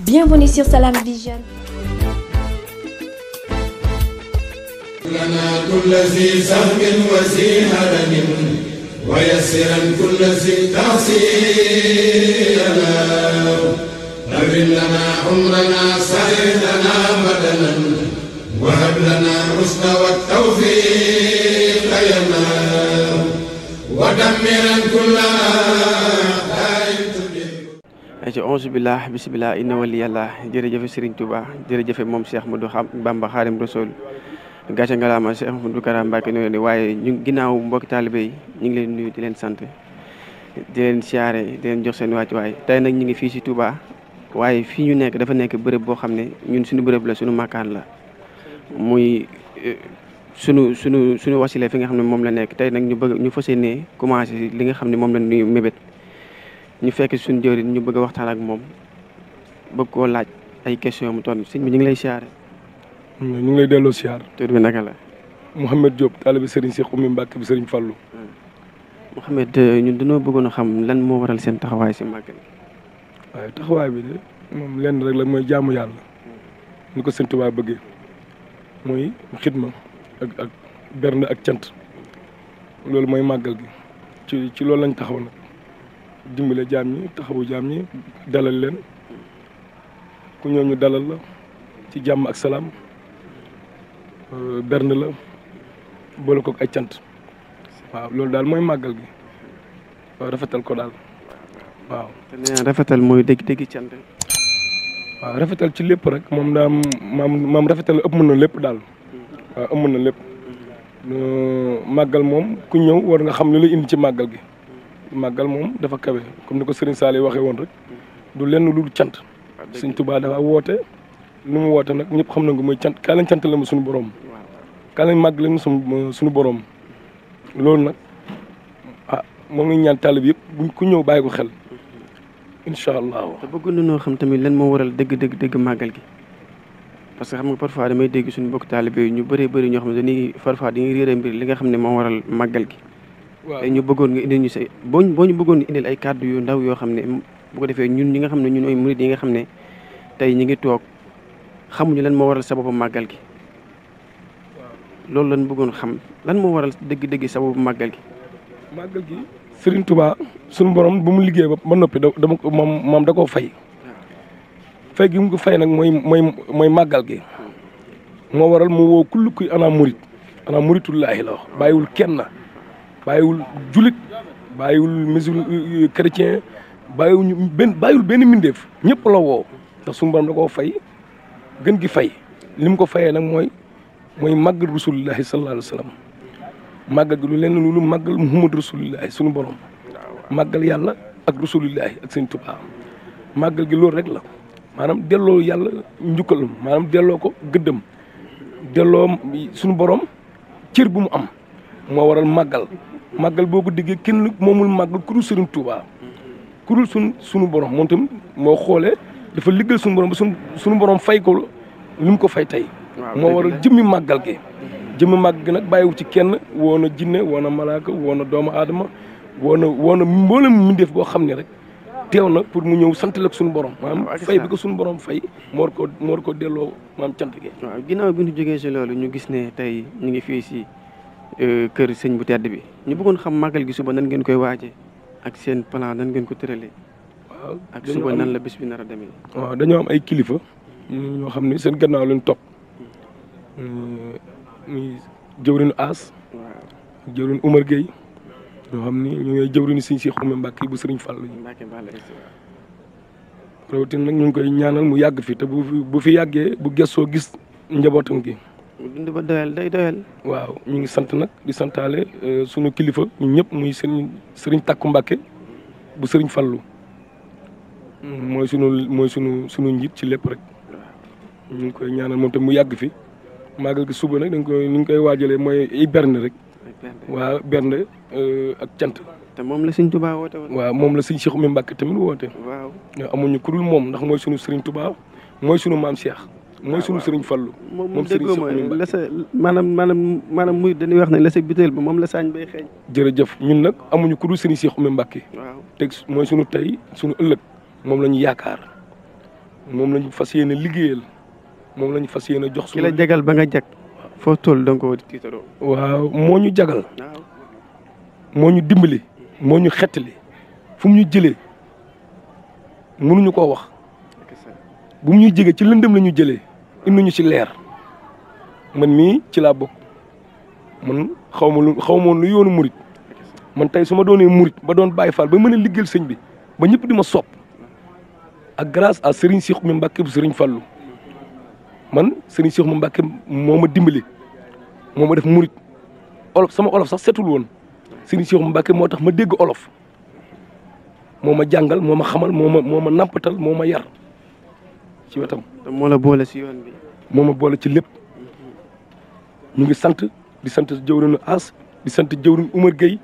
Bienvenue sur Salam Vision. وهب لنا الرشد والتوفيق يا الله ودمرا كل ci onze billah bisimilah inna waliyallah jërëjëfe Serigne Touba jërëjëfe moom Cheikh Modou Bamba Xaadim Rasul gàcce ngalaama Cheikh Modou Kara Mbacke noonu ne waaye ñu ginnaaw mbokki taalibe yi ñu ngi leen nuyu di leen sant di leen siyaare di leen jox seen wàccuwaay tey nag ñu ngi fii si Touba waaye fii ñu nekk dafa nekk bërëb boo xam ne ñun suñu bërëb la suñu makkaan la muy eh, sunu sunu suñu wasile fi nga xam ne moom la nekk tey nag ñu bëgg ñu fas yéenee commencé li nga xam ne moom la ñuy mébét ñu fekk suñu jëwriñ ñu bëgg a waxtaan ak moom bëgg koo laaj ay question mu toll sëñ bi ñu ngi lay siyaare. ñu ngi lay delloo siyaar. tur bi naka la. Mouhamed Diop taalibe Serigne Cheikh Oumy Mbacke bi Serigne Fallou. Mouhamed euh, ñun dañoo bëggoon a xam lan moo waral seen taxawaay si màggal gi. waaye taxawaay bi de moom lenn rek la mooy jaamu yàlla. ni ko Sëñ Tuubaa bëggee mooy xidma ak ak bernde ak cant loolu mooy màggal gi ci ci loolu lañ taxaw nag. dimbale jaam ñi taxawu jaam ñi dalal leen ku ñëw ñu dalal la ci jàmm ak salaam euh, bern la boole kook ay cant waaw loolu daal mooy màggal gi rafetal ko daal waaw. te rafetal mooy dégg cant. waaw rafetal ci lépp rek moom daa maam rafetal ëpp mën na lépp daal waaw ëpp mën na lépp màggal moom ku ñëw war nga xam li lay indi ci màggal gi. màggal moom dafa kawe comme ni ko Serigne Sall yi waxee woon rek du lenn lu cant ah, suñ tubaa dafa woote lu mu woote nag ñëpp xam na ko mooy cant kaa lañ la ma borom kaa lañ màgg leen suñu suñu borom loolu nag ah moom lañ ñaan taalib yëpp buñ ku ñëw bàyyi ko xel incha allah. te bëgg nañoo xam tamit lan moo waral dëgg dëgg dëgg màggal gi parce que xam nga parfois damay dégg suñu bokk taalibe ñu bëree bëri ñoo xam ne dañuy parfois dañuy réer mbir li nga xam ne moo waral màggal gi Eh, ñu bëggoon nga indil ñu sa boo boo ñu bëggoon indil ay kàddu yu ndaw yoo xam ne bu ko defee ñun ñi nga xam ne ñun ay murid yi nga xam ne tey ñu ngi toog xamuñu lan moo waral sababu màggal gi loolu lan bëggoon xam lan moo waral dëgg-dëgg sababu màggal gi màggal gi suñu borom bu mu liggéey ba ba noppi da dama moom moom da koo fay fay gi mu ko fay nag mooy mooy mooy màggal gi moo waral mu woo kullu kuy ana murit ana muritullaahi la bàyyiwul kenn bàyyiwul julit bàyyiwul musul euh, chrétien bàyyiwuñu benn bàyyiwul benn mbindeef ñëpp la woo ndax suñu borom da koo fay gën gi fay li mu ko fayee nag mooy mooy màggal rasulillahi sallallahu alayhi wa sallam màggal gi lu lu màggal muhammad rasulillahi suñu borom màggal yàlla ak rasulillahi ak sëñ Tuubaa màggal gi loolu rek la maanaam delloo yàlla njukkal maanaam delloo ko gëddam delloo suñu borom cër bu mu am moo waral màggal màggal boo ko diggee kenn moomul màgg ku dul Serigne Touba ku dul suñ suñu borom moom tam moo xoolee dafa liggal suñu borom ba suñu borom fay ko lu mu ko fay tey moo waral jëmmi màggal gi jëmmi màggal nag bàyyiwu ci kenn woo na jinne woo na malaaka woo na doomu aadama woo na woo na mboolem mbindeef boo xam ne rek teew na pour mu ñëw sant la suñu borom maam fay bi ko suñu borom fay moor ko moor ko delloo maam cant gi waaw ginnaaw bi ñu jógee si loolu ñu gis ne tey ñu ngi fii si Euh, kër sëñ bu tedd bi ñu bëggoon xam màggal gi suba nan ngeen koy waaje ak seen plan nan ngeen ko tëralee. waaw ak suba dañoo am ay kilifa. ñoo xam ne seen gannaaw lañ topp. Hmm. muy jëwriñu As. waaw Umar Gueye. ñoo xam ni ñu ngi jëwriñu sëñ Cheikh Oumy Mbacke bu sëriñ Fallou yi. rawatina nag ñu ngi koy mu yàgg fi te bu fi yàggee bu gëstoo gis njabootam gi. ba doyal day doyal. waaw ñu ngi sant nag di santaale euh, sunu kilifa ñun ñëpp muy sëriñ sëriñ Takku Mbàkke bu sëriñ Fallu hmm. mooy sunu mooy sunu sunu njiit ci lépp rek. ñu ngi koy ñaanal moom tamit mu yàgg fi màggal gi suba nag dañ koy ni ñu koy waajalee mooy ay berne rek. waaw berne euh, ak cant. te moom la sëñ Tuubaa woote woon. waaw moom la siñ Cheikh Oumy Mbàkke tamit woote. waaw amuñu ku moom ndax mooy sunu sëriñ tubaa mooy sunu maam Cheikh. mooy suñu sëriñ Fallu moom déggoo ma la sa maanaam maanaam maanaam muy dañuy wax ne lese sa bi moom la saañ bay xeeñ jërëjëf ñun nag amuñu ku dul sëriñ Cheikh Oumy Mbacké waaw teg mooy suñu tey suñu ëllëg moom la ñu yaakaar moom lañu fas yéene liggéeyal moom lañu fas yéene jox suñu ki la jagal ba nga jag foo toll da nga ko tiitaroo waaw moo ñu jagal moo ñu dimbali moo ñu xettali fu mu ñu jëlee mënuñu koo wax bu ñu jege ci lëndëm la ñu jëlee indi ñu ci leer man mii ci laa bokk man xaw ma lu xaw ma lu yoonu murit man tey suma ma doonee murit ba doon bàyyi faal ba mën a liggéeyal sëñ bi ba ñëpp di ma sopp ak grâce à Serigne Cheikh mi Mbacke bu Serigne Fallou man Serigne Cheikh mi Mbacke moo ma dimbali moo ma def murit olof sama olof sax setul woon Serigne Cheikh mi Mbacke moo tax ma dégg olof moo ma jàngal moo ma xamal moo ma moo ma nampatal moo ma yar. ci wetam. moo la boole si yoon bi. moo ma boole ci lépp ñu ngi sant di sant jëwriñu As di sant jëwriñ Umar Gueye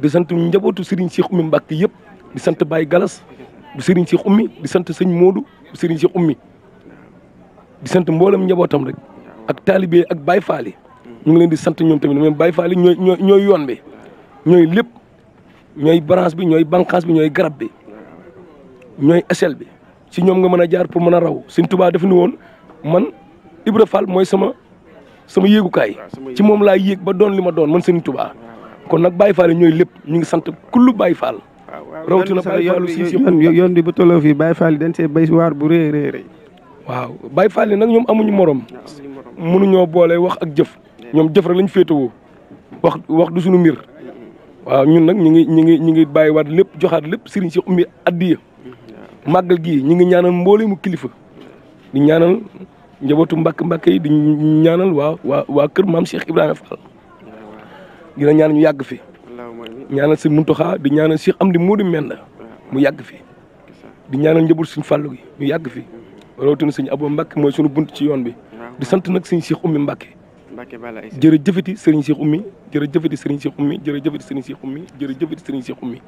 di sant njabootu Serigne si Oumy Mbacke yëpp di sant Baye Galas bu Serigne Cheikh Oumy di sant sëñ Modou bu Serigne Cheikh Oumy di sant mboolem njabootam rek ak taalibe ak Baye Fall ñu ngi leen di sant ñoom tamit même Baye Fall ñooy ñooy yoon bi ñooy lépp ñooy branche bi ñooy bànqaas bi ñooy garab bi ñooy échelle bi. si ñoom nga mën a jaar pour mën a raw Sëñ tubaa def ni woon man Ibra Fall mooy sama sama yéegukaay ci moom laa yéeg ba doon li ma doon man Sëñ tubaa kon nag Baye Fall yi ñooy lépp ñu ngi sant kullu bay Fall. rawatina Baye Fall si yoon bi ba tolloo fii Baye Fall dañ see bay waar bu rëy rëy rëy waaw Baye Fall yi nag ñoom amuñu moroom mënuñoo boole wax ak jëf ñoom jëf rek lañ féetewoo wax wax du suñu mbir waaw ñun nag ñu ngi ñu ngi ñu ngi bàyyiwaat lépp joxaat lépp Serigne si Oumy addiya màggal gi ñu ngi ñaanal mboole mu kilifa di ñaanal njabootu mbàkk mbàkk yi di ñaanal waa waa waa kër maam Cheikh Ibrahima Fall dina ñaan ñu yàgg fi ñaanal si Muntaxa di ñaanal Cheikh Amdi Moodu Menda mu yàgg fi di ñaanal njaboot suñ fàllu gi ñu yàgg fi na suñu aboo Mbàkke mooy suñu bunt ci yoon bi di sant nag suñ Cheikh Oumy Mbàkke jërëjëfati sëriñ Cheikh Oumy jërëjëfati sëriñ Cheikh Oumy jërëjëfati sëriñ Cheikh Oumy jërëjëfati sëriñ Cheikh Oumy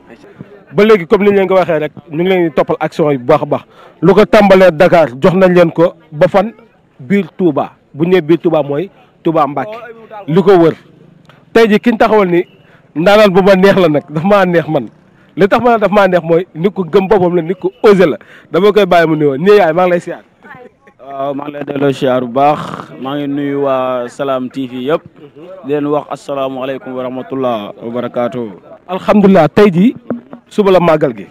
ba léegi comme ni leen ko waxee rek ñu ngi leen di toppal action yi bu baax a baax lu ko tàmbalee Dakar jox nañ leen ko ba fan biir Touba bu ñëwee biir Touba mooy Touba Mbacke lu ko wër tey ji ki ñu taxawal ni ndaanaan bu ma neex la nag daf maa neex man li tax ma daf maa neex mooy nit ko gëm boppam la nit ko osé la dama koy bàyyi mu nuyoo nii yaay maa ngi lay siyaar waaw maa ngi delloo siyaar bu baax maa ngi nuyu waa salaam TV yëpp di leen wax asalaamualeykum wa rahmatullah wa barakaatu. alhamdulilah tey jii suba la màggal gi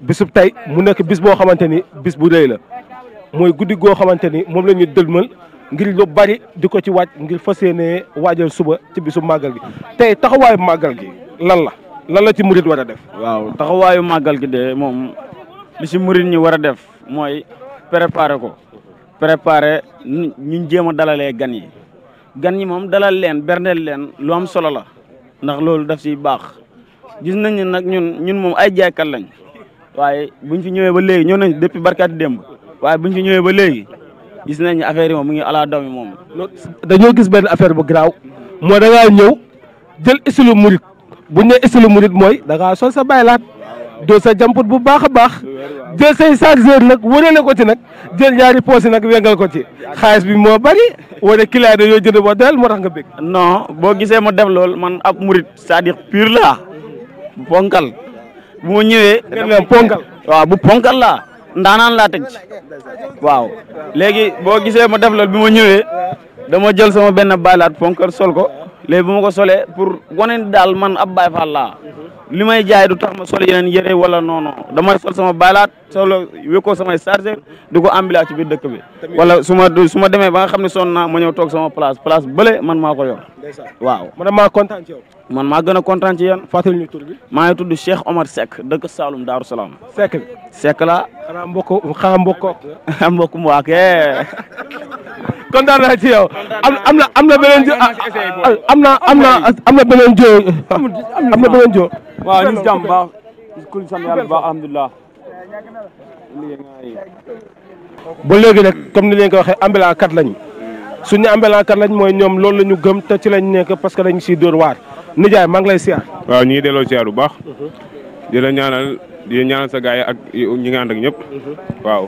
bisub tey mu nekk bis boo xamante ni bis bu rëy la mooy guddi goo xamante ni moom la ñu ngir lu bari di ko ci waaj ngir fas yéenee waajal suba ci bisub màggal gi tey taxawaayu màggal gi lan la lan la ci murit war a def. waaw taxawaayu màggal gi de moom li ci murit ñi war a def mooy préparer ko. préparé ñu jéem a dalalee gan yi gan yi moom dalal leen berndeel leen lu am solo la ndax loolu daf si baax gis nañ ne nag ñun ñun moom ay jaaykat lañ waaye buñ fi ñëwee ba léegi ñëw nañ depuis barkaati démb waaye buñ fi ñëwee ba léegi gis nañ ne affaire yi moom mu ngi ala doom yi moom. dañoo gis benn affaire bu garaaw moo da ngaa ñëw jël isilu murit bu ñu nee murit mooy da sol sa baylaat doo sa jamput bu baax a baax jël say chargeur nag wane na ko ci nag jël ñaari poos yi nag wengal ko ci xaalis bi moo bari wane client yooyu jënd boo dal moo tax nga bëgg. non boo gisee ma def lool man ab murit c'est-à-dire pur laa ponkal bu ponkal waaw bu ponkal laa ndaanaan laa teg waaw léegi boo gisee ma def lool bi ma ñëwee dama jël sama benn balaat ponkal sol ko. léegi bu ma ko solee pour wane daal man ab baay faal laa li may jaay du tax ma sol yeneen yére wala non non damay sol sama baylaat solo wékkoo samay chargeur du ko ambilaa ci dëkk bi wala su ma su ma demee ba nga xam ne sonn naa ma ñëw toog sama place place bële man maa ko yor waaw man maa kontaan ci man maa gën a kontaan ci yéen. fàttali ñu tur bi. maa ngi tudd Cheikh Omar Seck dëkk Saalum Daaru Salaam. Seck bi Seck laa. xanaa mbokku xanaa mbokku. mbokku mu waak eh. kontaan naa ci yow. am am na am na beneen jo am na am na am na beneen jo am na beneen jo. waaw ñu ngi jàmm baax. kul sant yàlla baax alhamdulilah. ba léegi nag comme ni leen ko waxee ambulant kat lañ suñu ambulant kat lañ mooy ñoom loolu la ñu gëm te ci lañ nekk parce que dañ siy dóor waar. nijaay maa ngi lay siyaar. waaw ñu ngi delloo siyaar bu baax. Mhm. di la ñaanal di ñaanal sa gars ak ñi nga ànd ñëpp. Mhm. waaw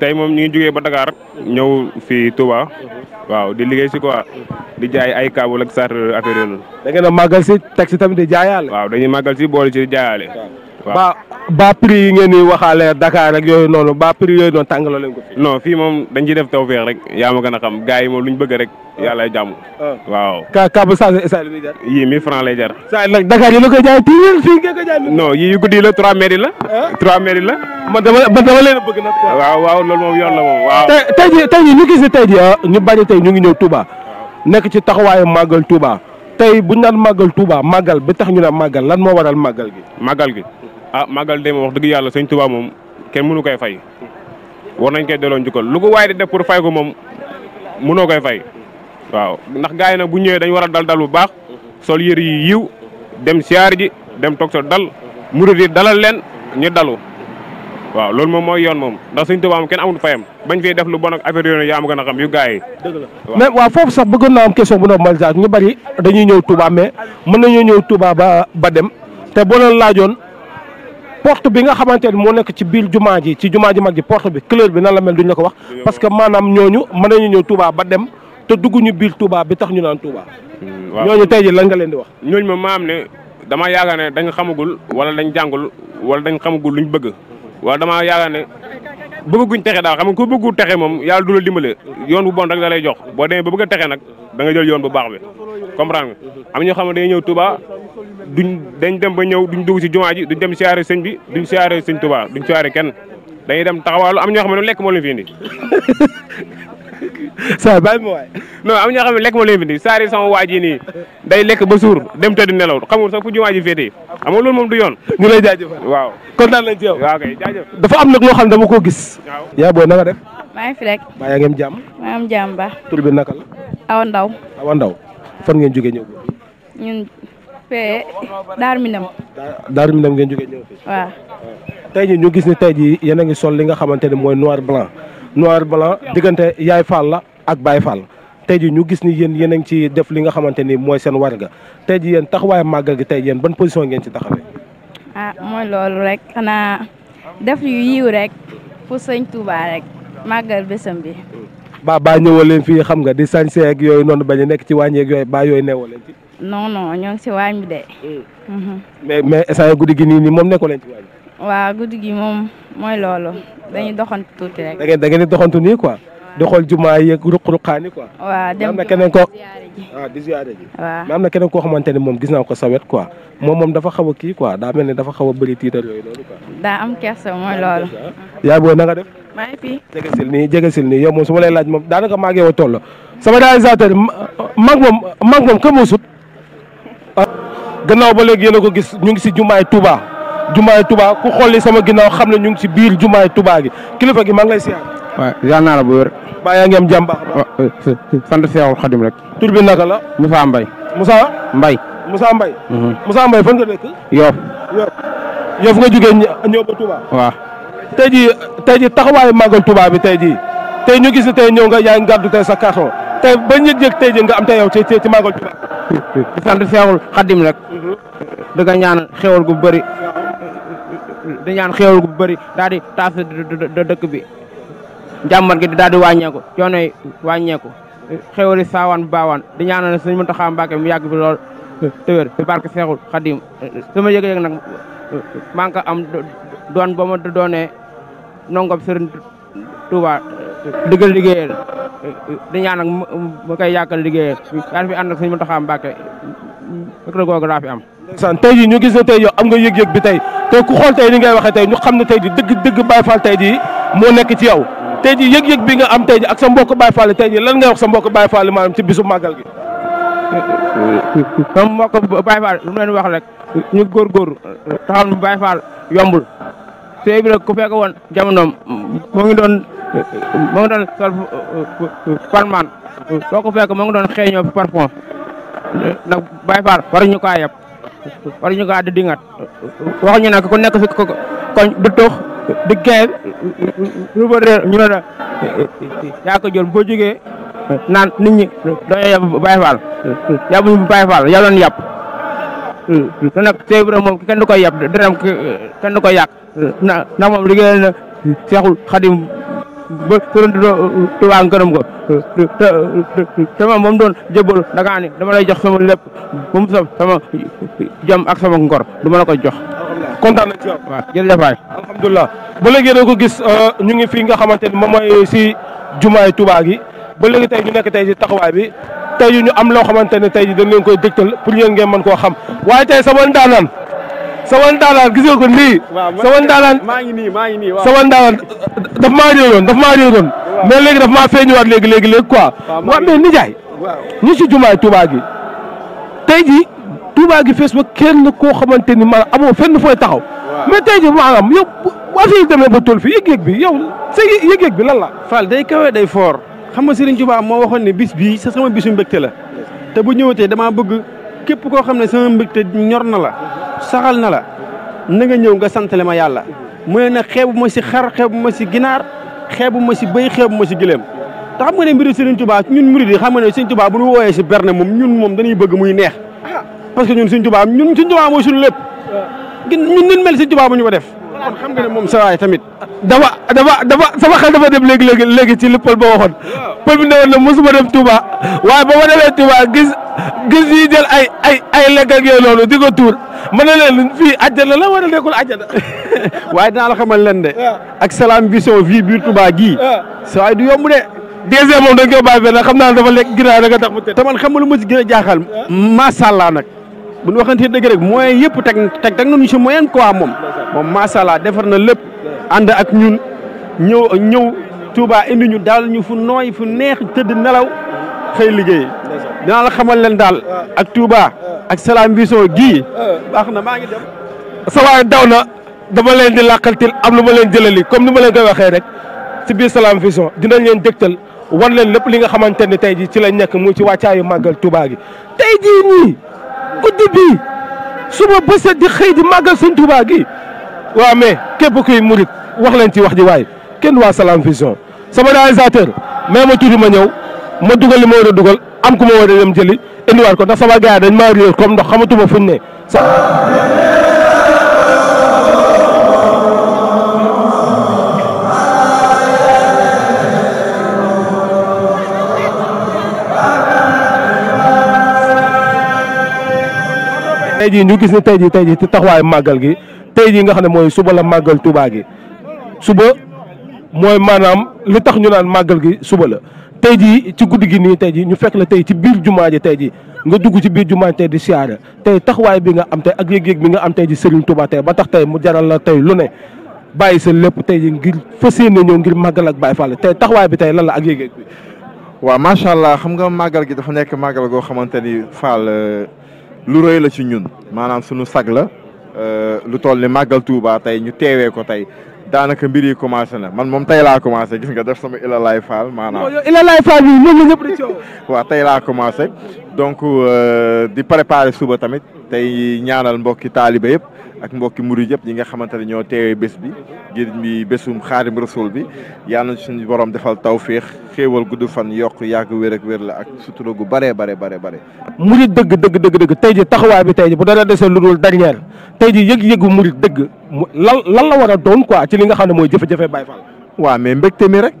tey moom ñu ngi jógee ba Dakar. ñëw fii Touba. Mhm. waaw di liggéey si quoi. di jaay ay câble ak sart affaire yooyu. da ngeen a si teg si tamit di jaayaale. waaw dañuy màggal si boole si jaayaale. waaw. ba pris yi ngeen di waxaale Dakar ak yooyu noonu ba prix yooyu noonu tàngaloo leen ko fii. non fii moom dañ ciy def te rek yaa ma gën a xam gars yi moom lu ñu bëgg rek ah. yàlla jàmm. Ah. waaw ka kaabu saa saa li muy jar. yii 1000 lay jar. saa nag Dakar yi la koy jaay ngeen ko jaay. non yii la 3 la. 3 ah. mètres la. man bëgg nag. waaw waaw loolu moom yoon la tey tey jii tey jii ñu gis ne tey ñu ngi ñëw Touba. nekk ci taxawaayu màggal Touba tey bu ñu naan màggal Touba màggal bi tax ñu naan màggal lan moo waral màggal gi màggal gi ah màggal de moom wax dëgg yàlla sëñ Tuubaa moom kenn mënu koy fay war nañ koy delloo njukkal lu ko waaye di def pour fay ko moom mënoo koy fay waaw ndax gars yi na bu ñëwee dañ war a dal dal bu baax sol yëri yi yiw dem siyaar ji dem toog sa dal murid yi dalal leen ñu dalu waaw loolu moom mooy yoon moom ndax sëñ Tuubaa moom kenn amul fayam bañ fiy def lu bon ak affaire yoon yaa am gën xam yu gars yi. dëgg la mais waaw foofu sax bëggoon na am question bu doon malisage ñu bari dañuy ba ba dem te boo leen laajoon porte bi nga xamante ni moo nekk ci biir jumaa ji ci jumaa ji mag ji porte bi couleur bi na la mel duñ la ko wax parce que maanaam ñooñu mën ñëw Touba ba dem te dugguñu ñu biir Touba bi tax ñu naan Touba. Hmm, waaw ñooñu tey ji lan nga leen di wax. ñooñu moom maam ne damaa yaakaar ne dañ xamagul wala dañ jàngul wala dañ xamagul luñ bëgg wala damaa yaakaar ne bëgguñ texe daal xam nga ku bëggu texe moom yàlla du la dimbale yoon bu bon rek da lay jox boo demee ba bëgg a texe nag da nga jël yoon bu baax bi comprendre nga am ñoo xam ne dañuy ñëw Touba duñ dañ dem ba ñëw duñ dugg ci jumaa ji duñ dem siyaare sëñ bi duñ siyaare sëñ Touba duñ siyaare kenn dañuy dem taxawalo am ñoo xam ne lekk moo leen fi indi saa bàyyi ma waay am ñoo xam ne lekk moo leen fi waa ji nii day lekk ba suur dem tëdd nelaw xamul sax fu jumaa ji féetee xam nga loolu moom yoon ñu lay jaajëfal waaw kontaan nañ ci yow waaw kay dafa am nag loo xam dama koo gis yaa booy na nga def maa ngi fi rek. maa yaa ngeen jàmm. maa am jàmm baax. tur bi naka la. Awa fan ngeen jóge ñëw. ñun fee Daar Minam. Daar ngeen jógee ñëw fii. waaw. tey ñu gis ne tey jii yéen a ngi sol li nga xamante ne mooy noir blanc noir blanc diggante Yaay Fall la ak baay Fall. tey jii ñu gis ni yéen yéen a ngi ci def li nga xamante ni mooy seen warga tey jii tax taxawaay màggal gi tey yéen ban position ngeen ci taxawee. ah mooy loolu rek xanaa def yu yiw rek pour sëñ Touba rek. màggal bésam bi. ba baa ñëwoo leen fii xam nga di sañse ak yooyu noonu bañ a nekk ci wàññi ak yooyu ba yooyu newoo leen ci. non non ñoo si waañ bi de. Mm. Mm-hmm. mais mais saa guddi gi nii nii moom nekkoo leen ci waañ. waaw guddi gi moom mooy loolu. dañuy doxantu tuuti rek. da ngeen da ngeen di doxantu nii quoi. di xool jumaa yeeg ruq-ruqaan yi quoi. dem ko ah, waaw di ziare ji am na keneen koo xamante ne moom gis naa ko sawet quoi moom moom dafa xaw kii quoi daa mel ne dafa xaw a bëri tiitar yooyu loolu quoi. daa am kersa mooy loolu. yaa def. maa ngi fi. jegesil nii jegesil nii yow moom su ma lay laaj moom daanaka maa ngi yow toll sama réalisateur mag moom mag moom ka moo ah, gannaaw ba léegi yéen a ko gis ñu ngi si jumaay Touba jumaay tubaa ku xolli sama ginnaaw xam ne ñu ngi si biir jumaay tubaa gi kilifa gi maa ngi si siyaar. waaw yal naa la bu wér. mbaa yaa ngi am jàmm baax oh, eh, sant Seexul Xadim rek. tur naka la. Moussa Mbaye. Moussa. Mbaye. mbay Mbaye. Mhm. Moussa Mbaye fan nga dëkk. Yoff. Yoff nga jugee ñëw ba Touba. tey jii tey jii taxawaayu màggal Touba bi tey jii tey ñu gis ne tey ñëw nga yaa ngi sa kaso tey ba yëg-yëg tey jii nga am tey yow ci ci màggal Touba. di sant Seexul Xadim rek. di nga ñaan xéwal gu bëri. di ñaan xéwal gu bëri daal di taas dëkk bi. njàmbat gi daal di wàññeeku coono yi wàññeeku. xéwali saawaan baawaan di ñaanal Sëñ Muntaxa mu yàgg bi lool te wér ci barke Seexul Xadim sama yëg-yëg nag maa am doon ba ma doonee. nongob sëriñ Touba dëggal liggéeyal di ñaan nag mu koy yàggal liggéeyal yaa fi ànd ak suñu Mountakha Mbacké rek googu daa am ndeysaan tey jii ñu gis ne tey yow am nga yëg-yëg bi tey tey ku xool tey li ngay waxee tey ñu xam ne tey jii dëgg dëgg Baye Fall tey jii moo nekk ci yow tey jii yëg-yëg bi nga am tey jii ak sa mbokk Baye Fall tey lan ngay wax sa mbokk Baye Fall maanaam ci bisu màggal gi sama mbokk Baye Fall wax rek ñu góorgóorlu te xam ne Baye yombul sëriñ bi nag ku fekk woon jamonoom moo ngi doon moo ngi doon sol uh, uh, parman foo ko fekk moo ngi doon xeeñoo parfum nag Baay Faal waruñu kaa yab waruñu kaa di dingat waxuñu nag ku nekk fi ko koñ du tux di geeb lu ba réer yaa ko jël boo jógee nan nit ñi dañoo yab Baay Faal yabuñu Baay Faal yaloon yàpp te nag Cheikh Ibrahima moom kenn du koy yab dara kenn du koy yàq na ndax moom liggéeyal na Seexul Xadim ba turan Tuubaa gërëm ko te te moom ba mu doon jébbalu da dama lay jox sama lépp ba mu sof sama jom ak sama ngor du ma la koy jox. kontaan nañ ci yow. waaw ba léegi da ko gis euh, ñu ngi fi nga xamante ni moom mooy si jumaay Tuubaa gi. ba léegi tey ñu nekk tey ci taxawaay bi tey yu ñu am loo xamante ne tey ji dañ leen koy dégtal pour yéen ngeen mën koo xam waaye tey sama ndaanaan sama ndaanaan gis nga ko nii sama ndaanaan maa ngi nii maa ngi nii waaw sama ndaanaan daf maa réeroon daf maa réeroon mais léegi daf maa feeñuwaat léegi léegi léegi quoi waaw mais nijaay ñu ci jumaay Touba gi tey ji Touba gi fees ba kenn koo xamante ni maanaam amoo fenn fooy taxaw mais tay ji maanaam yow affaire yi demee ba toll fi yëg-yëg bi yow sa bi lan la Fall day day fort xam nga Serigne Touba moo waxoon ne bis bii sa sama bisu mbégte la te bu ñëwatee damaa bëgg képp koo xam ne sama mbégte ñor na la saxal na la na nga ñëw nga santale ma yàlla mu ne nag xeebu ma si xar xeebu ma si ginaar xeebu ma si béy xeebu ma si gileem te xam nga ne mbiru Serigne Touba ñun murid yi xam nga ne Serigne Touba bu ñu wooyee si berne moom ñun moom dañuy bëgg muy neex ah. parce que ñun Serigne Touba ñun Serigne Touba mooy suñu lépp ah. ñun nin mel Serigne Touba bu ñu ko def kon xam nga ne moom sa waay tamit dafa dafa dafa sama xel dafa dem léegi léegi léegi ci li pël ba waxoon pël bi ne woon na mosuma dem Touba waaye ba ma demee Touba gis gis ñuy jël ay ay ay lekk ak yooyu noonu di ko tuur ma ne leen fii àjjana la wala nekkul àjjana waaye dinaa la xamal leen de ak Salam Vision fii biir Touba gii sa waay du yomb de deuxième moom dañ koy bàyyi fenn xam naa dafa lekk ginaar da nga tax mu te man xam nga lu ma si gën a jaaxal maasàllaa nag bu ñu waxantee dëgg rek moyens yëpp teg teg teg nañu si moyen quoi moom. moom macha allah defar na lépp. ànd ak ñun ñëw ñëw Touba indi ñu daal ñu fu nooy fu neex tëdd nelaw xëy liggéey. dinaa xamal leen daal ak Touba ak Salam Vision gii. baax na maa ngi dem. sa waay daw na dama leen di làqaltil am lu ma leen jëlali comme ni ma leen koy waxee rek si biir Salam Vision dinañ leen dégtal wan leen lépp li nga xamante ne tey jii ci lañ nekk mu ci wàccaayu màggal Touba gi tey jii nii. guddi bii suba bëse di xëy di màggal sëñ Tuubaa gi waaw mais képp kuy murit wax leen ci wax ji waay kenn waa Salam Vision sama réalisateur mais ma tuuti ma ñëw ma dugal li ma war a dugal am ku ma war a dem jëli indiwaat ko ndax sama gars dañ maa réer comme ndox xamatuma fuñ ne tey jii ñu gis ne tey jii tey jii ci taxawaayu màggal gi tey ji nga xam ne mooy suba la màggal Touba gi suba mooy maanaam li tax ñu naan màggal gi suba la tey jii ci guddi gi nii tey jii ñu fekk la tey ci biir jumaa ji tey jii nga dugg ci biir jumaa ji tey di siyaare tey taxawaay bi nga am tey ak yëg-yëg bi nga am tey ji Serigne Touba tey ba tax tey mu jaral la tey lu ne bàyyi sa lépp tey ji ngir fas yéene ñëw ngir màggal ak Baye Fall tey taxawaay bi tey lan la ak yëg waaw macha xam nga màggal gi dafa nekk màggal goo xamante ni Fall euh, lu rëy la ci ñun maanaam suñu sag la euh, lu toll ni màggal Touba tey ñu teewee ko tey daanaka mbir yi commencé na man moom tey laa commencé gis nga def sama Ilalaay Fall maanaam. yow Ilalaay Fall bi moom la ñëpp di coow. waaw tey laa commencé donc euh, di préparer suba tamit tey ñaanal mbokki taaliba yëpp. ak mbokki murid yëpp ñi nga xamante ne ñoo teewee bés bi ngir mi bésum xaadim rasul bi yal na suñu borom defal taw tawféex xéewal gudd fan yokk yàgg wér ak wér la ak sutura gu bare bare bare bare murid dëgg dëgg dëgg dëgg tey ji taxawaay bi tey ji bu dara desee lu dul dernière tey ji yëg-yëgu murid dëgg lan lan la war a doon quoi ci li nga xam ne mooy jafe-jafe Baye Fall waaw mais mbégte mi rek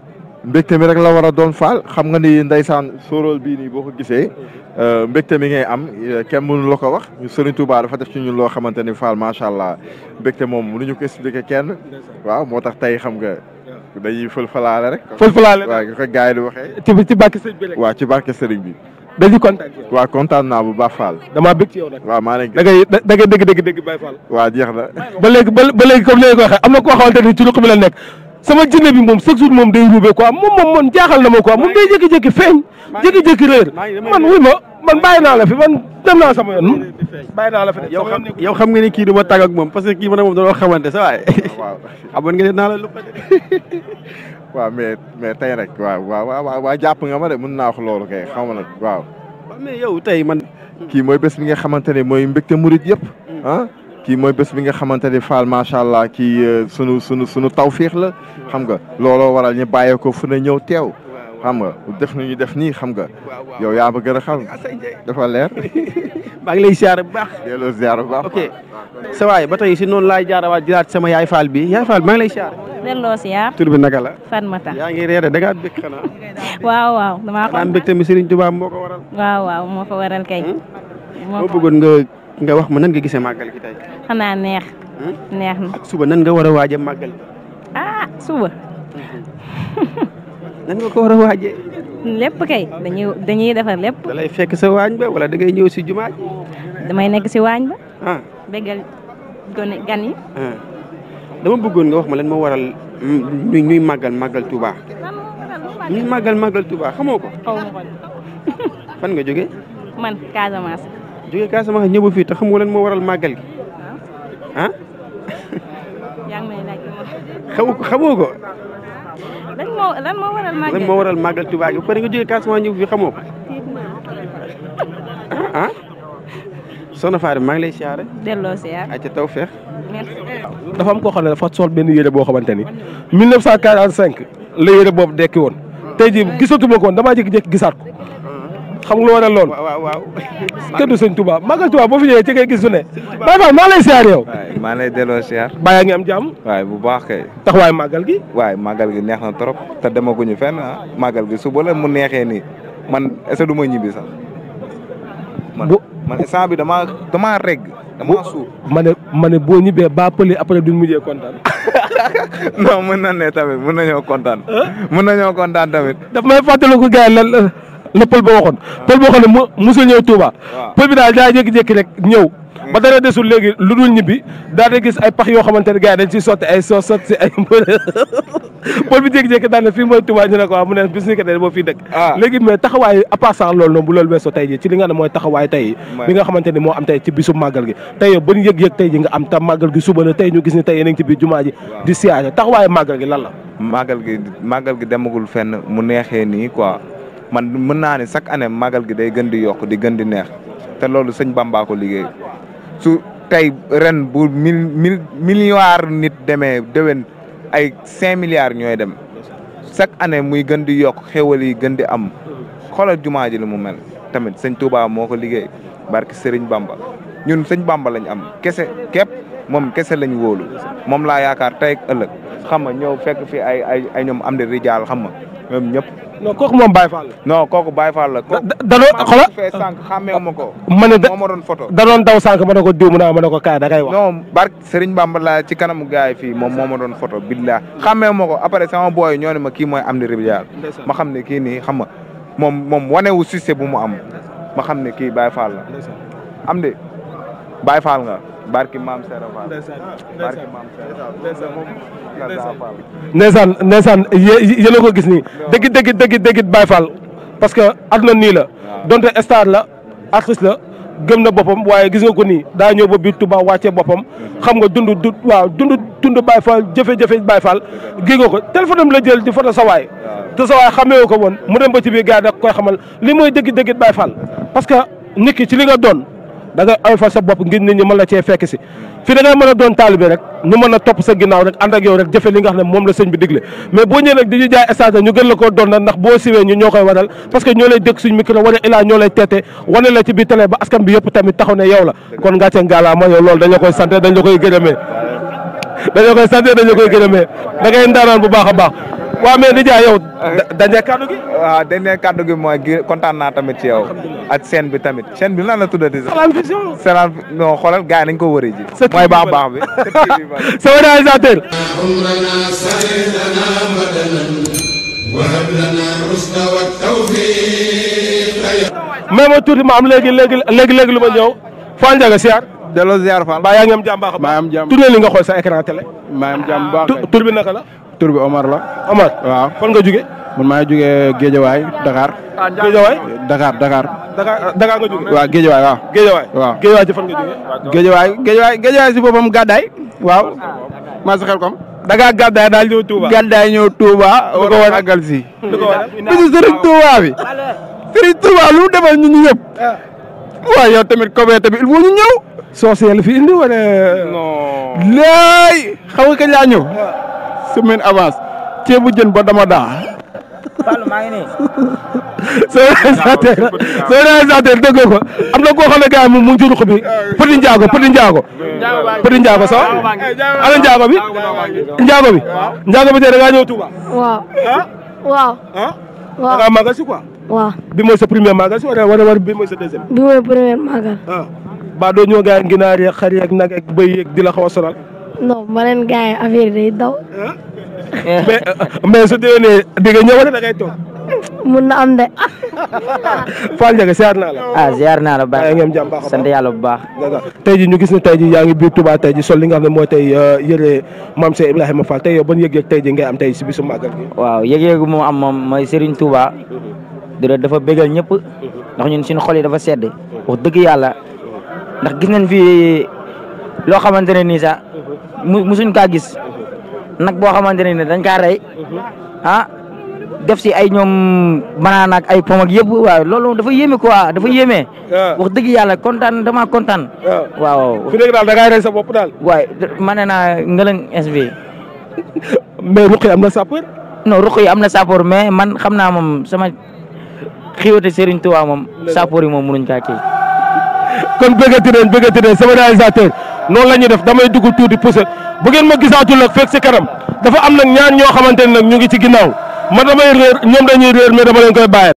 mbégte mi rek la war a doon faal xam nga ni ndeysaan sóoróol bii nii boo ko gisee euh, mbégte mi ngay am euh, kenn mënu la ko wax ñu Serigne Touba dafa def ci ñun loo xamante ni faal macha allah mbégte moom mënuñu ko expliquer kenn waaw moo tax tey xam nga dañuy fël-falaale rek. fël-falaale waaw nga ko gars yi di waxee. ci barke sëriñ bi rek. waaw ci barke sëriñ bi. dañuy kontaan. waaw kontaan naa bu baax faal damaa bëgg ci yow nag. waa maa leen da ngay da ngay dégg dégg dégg Baye Fall. waaw na. ba léegi ba léegi comme na nekk sama jinne bi moom chaque jour moom day ruube quoi moom moom man jaaxal na ma quoi moom day jékki-jékki feeñ jékki-jékki réer man wuy ma man bàyyi naa la fi man dem naa sama yoon bàyyi naa la fi yow xam nga ni kii du ma moom parce que kii ma ne moom dañoo xamante sa waaye amoon nga naa la mais mais tey rek waaw waaw waaw waaw jàpp nga ma de mën naa lool loolu kay xam nga nag waaw mais tey man kii mooy bés bi nga xamante ne mooy mbégte murit yëpp hmm. ah. kii mooy bés bi nga xamante ne Fall macha allah kii euh, sunu sunu sunu tawfiix la xam nga looloo waral ñu bàyyee ko fu ne ñëw teew xam nga def nañu def nii xam nga yow yaa ma gën a xam dafa leer. maa ngi lay ziar bu baax. delloo ziar bu baax. ok sa waay ba tey si noonu laay jaarawaat jiraat sama yaay Fall bi yaay Fall maa ngi lay ziar. delloo ziar. tur bi naka la. fan ma tax yaa ngi reere da ngaa bëgg xanaa. waaw waaw damaa ko. daan bëgg tamit Serigne Touba moo ko waral. waaw waaw moo ko waral kay. Hmm? moo bëggoon nga nga wax ma nan nga gisee màggal gi tey. xanaa neex. neex na suba nan nga war a waaj a màggal. ah suba. nan nga ko war a waajee. lépp kay dañuy dañuy defar lépp. da fekk sa waañ ba wala dangay ñëw si jumaa damay nekk si waañ ba. ah bégal gan yi. Ah. dama bëggoon nga wax ma lan moo waral ñuy ñuy màggal màggal Touba. ñuy màggal màggal Touba xamoo ko. fan nga jógee. man Casamance. jógee Casamance ñëw ba fii te xam nga lan moo waral màggal gi. ah. yaa ngi xamu ko xamoo moo lan moo waral màggal lan moo waral gi pare nga jógee Casamance ñëw fi xamoo ko. ah. soxna Faari maa ngi lay siyaare. delloo siyaar ay ca taw feex. dafa am koo xam ne dafa sol benn yére boo xamante ni 1945 la yére boobu dekki woon tey jii gisatu ma ko woon damaa jékki-jékki gisaat ko. xam nga lu waral lool. waaw waaw. tëdd sëñ Touba màggal Touba boo fi ñëwee ci ngay gis su ne. Baye Fall maa lay siyaar yow. waay maa lay delloo siyaar. Baye ngi am jàmm. waaye bu baax tax taxawaay màggal gi. waaye màggal gi neex na trop. te demaguñu fenn ah màggal gi suba la mu neexee nii man est-ce du ma ñibbi sax. man man instant bi dama damaa regg. damaa ma ne ma ne boo ñibbee ba pëli après duñ mujjee kontaan. non mën na ne tamit mën nañoo kontaan. mën nañoo kontaan tamit. daf may fàttaliku gars yi lan la pël ba waxoon ah. pël boo xam ne mu musul ñëw Touba ah. pël bi daal daa jékki-jékki rek ñëw hmm. ba dara desul léegi lu dul ñibbi daal na gis ay pax yoo xamante ne gars yi dañ ciy sotti ay soo sotti si ay mbër pël bi jékki-jékki daal ne fii mooy Touba ñu ne ko waaw mu ne bis ni ko de boo fii dëkk ah. léegi mais taxawaay à part ça loolu noonu bu loolu tey ci li nga xam ne mooy taxawaay tey li nga xamante ni moo am tey ci bisu màggal gi tey yow ba ñu yëg-yëg tey ji nga am ta màggal gi suba la gis ni tey yéen a ngi ci biir jumaa ji màggal gi lan la màggal gi màggal gi demagul fenn mu neexee nii quoi man mën naa ne chaque année magal gi day gën di yokk di gën di neex te loolu sëñ Bamba liggéey su tey ren bu mille mille milliards nit demee déwén ay cinq milliards ñooy dem chaque année muy gën di yokk xéwal yi gën di am xoolal jumaa ji li mu mel tamit sëñ Touba moo ko liggéey barki Serigne Bamba ñun sëñ Bamba lañ am kese képp moom kese lañ wóolu moom laa yaakaar tey ak ëllëg xam nga ñëw fekk fi ay ay ay ñoom am di rijaal xam nga ñoom ñëpp. non kooku moom Baye Fall la. kooku Baye Fall la. da da doon xoolal xàmmeewuma ko. ma ne da moo ma doon foto da daw sànq ma ne ko diw mu naa ma ne ko kaay da kay wax. non barke Serigne Bamba laa ci kanamu moom moo ma doon photo billah xàmmeewuma ko après sama booy ñoo ne ma kii mooy Amdy Rivière ma xam ne kii nii xam nga moom moom wane wu succès bu mu am ma xam ne kii Baye Fall la. am de Baye Fall nga. barki maam Serap Fall. ko gis nii. dëgg dëgg dëgg dëgg Baye parce que na nii la. donte star la artiste la gëm na boppam waaye gis nga ko nii daa ñëw ba biir Touba wàccee boppam. Mm-hmm. xam nga dund du waaw dund dund Baye Fall jafe-jafe Baye Fall. Mm-hmm. gis nga ko téléphone la jël di foto sa waay. te sa waay ko woon mu dem ba ci biir gars yi da koy xamal li mooy dëgg dëgg Baye Fall. parce que nit ci li nga doon. da ay fa sa bopp ngir nit ñi mën la cee fekk si fi da ngay mën a doon taalibe rek ñu mën a topp sa ginnaaw rek ànd yow rek jëfe li nga ne moom la sëñ bi digle mais boo ñëwee nag di ñu jaay stage ñu gën la koo doon ndax boo siwee ñu ñoo koy waral parce que ñoo lay dëkk suñ micro wala ilaa ñoo lay teete wane la ci biir télé ba askan bi yëpp tamit taxaw ne yow la kon ngàcce ngaalaama yow loolu dañoo koy sante dañ koy gërëmee dañoo koy a baax waaw mais di jaay yow euh, dañee kaddu gi waaw mooy gi kontaan naa tamit ci yow ak scène bi tamit scène bi lan la tuddati Salam Vision Salam non xoolal gars yi nañ ko wëri ji mooy baax baax bi sama réalisateur umrana saydana madanan wa hab lana rusda wa tawfiq mais ma tuuti ma am léegi léegi léegi léegi lu ma ñëw Fall Ndiaga siyaar delloo ziar Fall mbaa a baax tur li nga xool sa écran télé baax tur bi naka la tur bi Omar la. Omar waaw fan nga jugee. ma maa ngi jugee Géejawaay Dakar. ah Géejawaay Dakar Dakar. Dakar ah, Dakar nga jugee. waaw Géejawaay waaw. Géejawaay waaw Géejawaay ci fan nga jugee. Géejawaay Géejawaay Géejawaay si boppam gàddaay. waaw ma si xel daga Dakar gàddaay daal ñëw Touba. gàddaay ñëw Touba. lu ko war a àggal si. lu ko war a bisu Sëriñ Touba bi. Sëriñ Touba lu mu defal ñun ñëpp. Ah. waaw tamit communauté bi il faut ñu ñëw. sooseel fi indi wala. non. léegi xam nga kañ semaine avance ceebu jën ba dama daa. Fallou maa ngi nii. sénégalaisateur dégg nga ko na koo xam mu ngi ci bi Petit Ndiago Petit Ndiago. Petit Ndiago sax bi. Ndiago bi Ndiago bi tey da ngaa ñëw Touba. waaw. waaw. waaw bi mooy sa premier magasin wala wala bi mooy sa deuxième. bi mooy premier magasin. ba doo ñëw di la a sonal. non ma leen gars yi affaire day daw. mais eh, mais su déwénee di nga ñëw wala da ngay de. Fall Ndiaga ziar naa la. ah ziar naa la baax na ngeen jàmm baax sant yàlla bu baax. tey ji ñu gis ne tey ji yaa ngi biir Touba tey ji sol li nga xam ne moo tey euh, yëre maam Cheikh Ibrahima Fall tey yow ban yëg-yëg tey ji ngay am tey si bisu màggal gi. waaw yëg-yëg moom am moom mooy Serigne Touba. Mhm. dafa bégal ñëpp. Mhm. ndax ñun suñu xol yi dafa sedd. wax dëgg yàlla. ndax gis nañ fi loo xamante ne nii musuñ kaa gis nag boo xamante ne dañ kaa rey ah def si ay ñoom banaan ak ay pom ak yëpp waaw loolu dafa yéeme quoi dafa yéeme. Ah. wax dëgg yàlla kontaan dama kontaan. Ah. waaw fi nekk da ngay rey naa Ngeuleng SV. mais ruq yi am na sapeur. non yi am na sapeur mais man xam naa moom sama xiiwate Serigne Touba moom sapeur yi moom mënuñ kaa kii. kon bëggati leen bëggati leen sama réalisateur noonu la ñuy def damay dugg tuuti poussé bu ngeen ma gisaatul nag fekk si kanam dafa am nag ñaan ñoo xamante ne nag ñu ngi ci ginnaaw man damay réer ñoom dañuy réer mais dama leen koy bàyyee